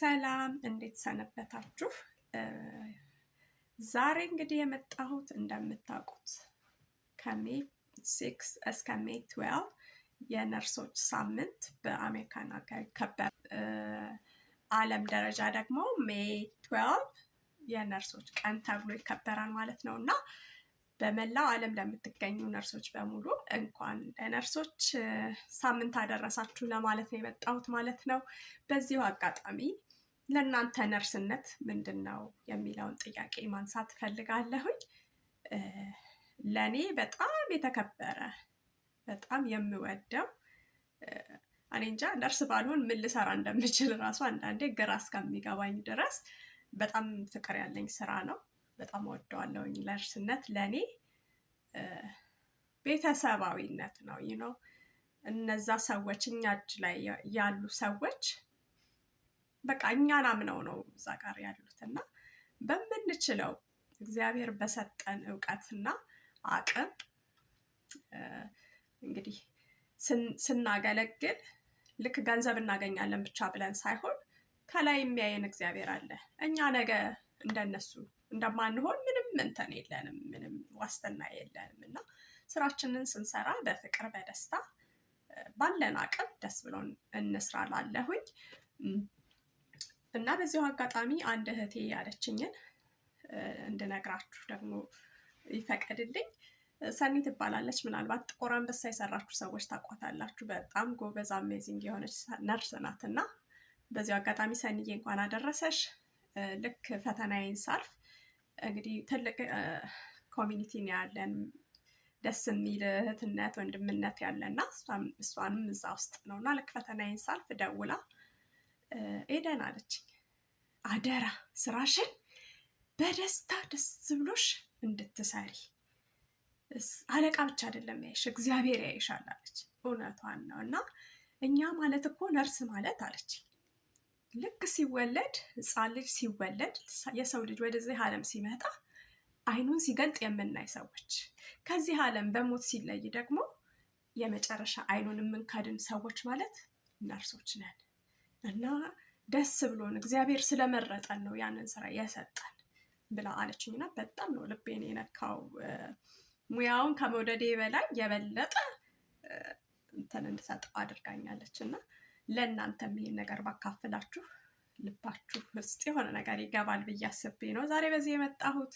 ሰላም እንዴት ሰነበታችሁ? ዛሬ እንግዲህ የመጣሁት እንደምታውቁት ከሜ ሲክስ እስከ ሜ ትዌልቭ የነርሶች ሳምንት በአሜሪካን ሀገር ይከበራል። ዓለም ደረጃ ደግሞ ሜ ትዌልቭ የነርሶች ቀን ተብሎ ይከበራል ማለት ነው እና በመላው ዓለም ለምትገኙ ነርሶች በሙሉ እንኳን ለነርሶች ሳምንት አደረሳችሁ ለማለት ነው የመጣሁት ማለት ነው። በዚሁ አጋጣሚ ለእናንተ ነርስነት ምንድን ነው የሚለውን ጥያቄ ማንሳት እፈልጋለሁኝ። ለእኔ በጣም የተከበረ በጣም የምወደው እኔ እንጃ ነርስ ባልሆን ምን ልሰራ እንደምችል እራሱ አንዳንዴ ግራ እስከሚገባኝ ድረስ በጣም ፍቅር ያለኝ ስራ ነው። በጣም ወደዋለሁኝ። ነርስነት ለእኔ ቤተሰባዊነት ነው ነው እነዛ ሰዎች እኛ እጅ ላይ ያሉ ሰዎች በቃ እኛን አምነው ነው እዛ ጋር ያሉት እና በምንችለው እግዚአብሔር በሰጠን እውቀትና አቅም እንግዲህ ስናገለግል ልክ ገንዘብ እናገኛለን ብቻ ብለን ሳይሆን ከላይ የሚያየን እግዚአብሔር አለ። እኛ ነገ እንደነሱ እንደማንሆን ምንም እንትን የለንም፣ ምንም ዋስትና የለንም እና ስራችንን ስንሰራ በፍቅር በደስታ ባለን አቅም ደስ ብሎን እንስራ ላለሁኝ እና በዚሁ አጋጣሚ አንድ እህቴ ያለችኝን እንድነግራችሁ ደግሞ ይፈቀድልኝ። ሰኒ ትባላለች። ምናልባት ጥቁር አንበሳ የሰራችሁ ሰዎች ታቋታላችሁ። በጣም ጎበዝ አሜዚንግ የሆነች ነርስ ናት እና በዚሁ አጋጣሚ ሰኒዬ እንኳን አደረሰሽ። ልክ ፈተናዬን ሳልፍ እንግዲህ ትልቅ ኮሚኒቲን ያለን ደስ የሚል እህትነት ወንድምነት ያለና እሷንም እዛ ውስጥ ነው እና ልክ ፈተናዬን ሳልፍ ደውላ ኤደን አለች አደራ ስራሽን በደስታ ደስ ብሎሽ እንድትሰሪ አለቃ ብቻ አይደለም ያይሽ እግዚአብሔር ያይሻል አለች። እውነቷን ነው እና እኛ ማለት እኮ ነርስ ማለት አለችኝ ልክ ሲወለድ ህፃን ልጅ ሲወለድ የሰው ልጅ ወደዚህ ዓለም ሲመጣ አይኑን ሲገልጥ የምናይ ሰዎች፣ ከዚህ ዓለም በሞት ሲለይ ደግሞ የመጨረሻ አይኑን የምንከድን ሰዎች ማለት ነርሶች ነን እና ደስ ብሎን እግዚአብሔር ስለመረጠን ነው ያንን ስራ የሰጠን ብላ አለችኝና በጣም ነው ልቤን የነካው። ሙያውን ከመውደዴ በላይ የበለጠ እንትን እንድሰጠው አድርጋኛለች እና ለእናንተም ይሄን ነገር ባካፍላችሁ ልባችሁ ውስጥ የሆነ ነገር ይገባል ብዬ አስቤ ነው ዛሬ በዚህ የመጣሁት።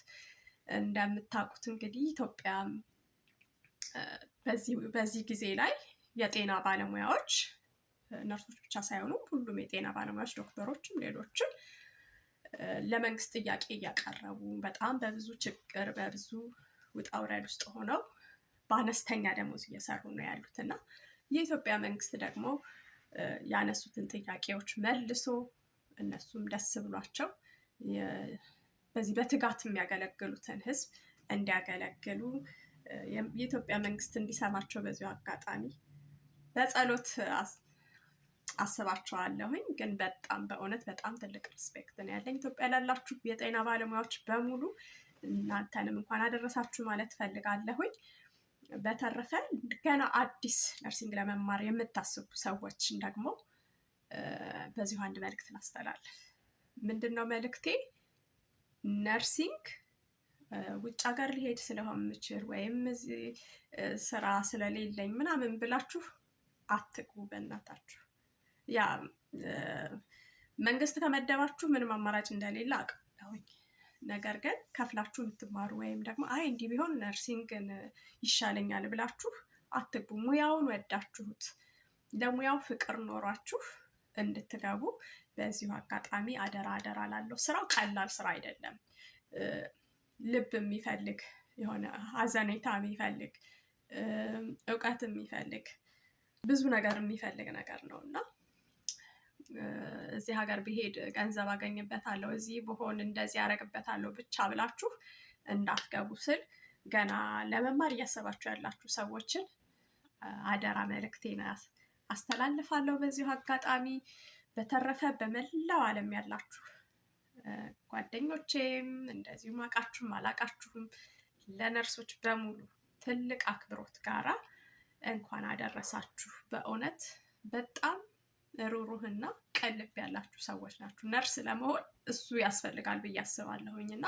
እንደምታውቁት እንግዲህ ኢትዮጵያ በዚህ ጊዜ ላይ የጤና ባለሙያዎች ነርሶች ብቻ ሳይሆኑ ሁሉም የጤና ባለሙያዎች ዶክተሮችም፣ ሌሎችም ለመንግስት ጥያቄ እያቀረቡ በጣም በብዙ ችግር በብዙ ውጣ ውረድ ውስጥ ሆነው በአነስተኛ ደሞዝ እየሰሩ ነው ያሉት እና የኢትዮጵያ መንግስት ደግሞ ያነሱትን ጥያቄዎች መልሶ እነሱም ደስ ብሏቸው በዚህ በትጋት የሚያገለግሉትን ህዝብ እንዲያገለግሉ የኢትዮጵያ መንግስት እንዲሰማቸው በዚሁ አጋጣሚ በጸሎት አስባቸዋለሁኝ። ግን በጣም በእውነት በጣም ትልቅ ሪስፔክት ነው ያለኝ ኢትዮጵያ ላላችሁ የጤና ባለሙያዎች በሙሉ እናንተንም እንኳን አደረሳችሁ ማለት ፈልጋለሁኝ። በተረፈ ገና አዲስ ነርሲንግ ለመማር የምታስቡ ሰዎችን ደግሞ በዚሁ አንድ መልእክት ላስተላለፍ። ምንድን ነው መልእክቴ? ነርሲንግ ውጭ ሀገር ሊሄድ ስለሆን ምችል ወይም እዚህ ስራ ስለሌለኝ ምናምን ብላችሁ አትግቡ በእናታችሁ። ያ መንግስት ከመደባችሁ ምንም አማራጭ እንደሌለ አውቃለሁኝ። ነገር ግን ከፍላችሁ የምትማሩ ወይም ደግሞ አይ እንዲህ ቢሆን ነርሲንግን ይሻለኛል ብላችሁ አትግቡ። ሙያውን ወዳችሁት ለሙያው ፍቅር ኖሯችሁ እንድትገቡ በዚሁ አጋጣሚ አደራ አደራ ላለው ስራው ቀላል ስራ አይደለም። ልብ የሚፈልግ የሆነ ሀዘኔታ የሚፈልግ እውቀት የሚፈልግ ብዙ ነገር የሚፈልግ ነገር ነው እና እዚህ ሀገር ብሄድ ገንዘብ አገኝበታለሁ፣ እዚህ ብሆን እንደዚህ ያደርግበታለሁ ብቻ ብላችሁ እንዳትገቡ ስል ገና ለመማር እያሰባችሁ ያላችሁ ሰዎችን አደራ መልእክቴን አስተላልፋለሁ በዚሁ አጋጣሚ። በተረፈ በመላው ዓለም ያላችሁ ጓደኞቼም እንደዚሁም አውቃችሁም አላቃችሁም ለነርሶች በሙሉ ትልቅ አክብሮት ጋራ እንኳን አደረሳችሁ። በእውነት በጣም ሩሩህና ቀልብ ያላችሁ ሰዎች ናችሁ። ነርስ ለመሆን እሱ ያስፈልጋል ብዬ አስባለሁኝ እና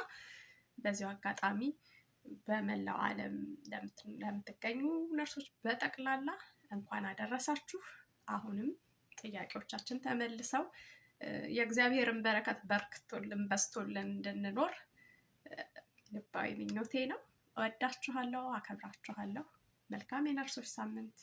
በዚሁ አጋጣሚ በመላው ዓለም ለምትገኙ ነርሶች በጠቅላላ እንኳን አደረሳችሁ። አሁንም ጥያቄዎቻችን ተመልሰው የእግዚአብሔርን በረከት በርክቶልን በስቶልን እንድንኖር ልባዊ ምኞቴ ነው። እወዳችኋለሁ፣ አከብራችኋለሁ። መልካም የነርሶች ሳምንት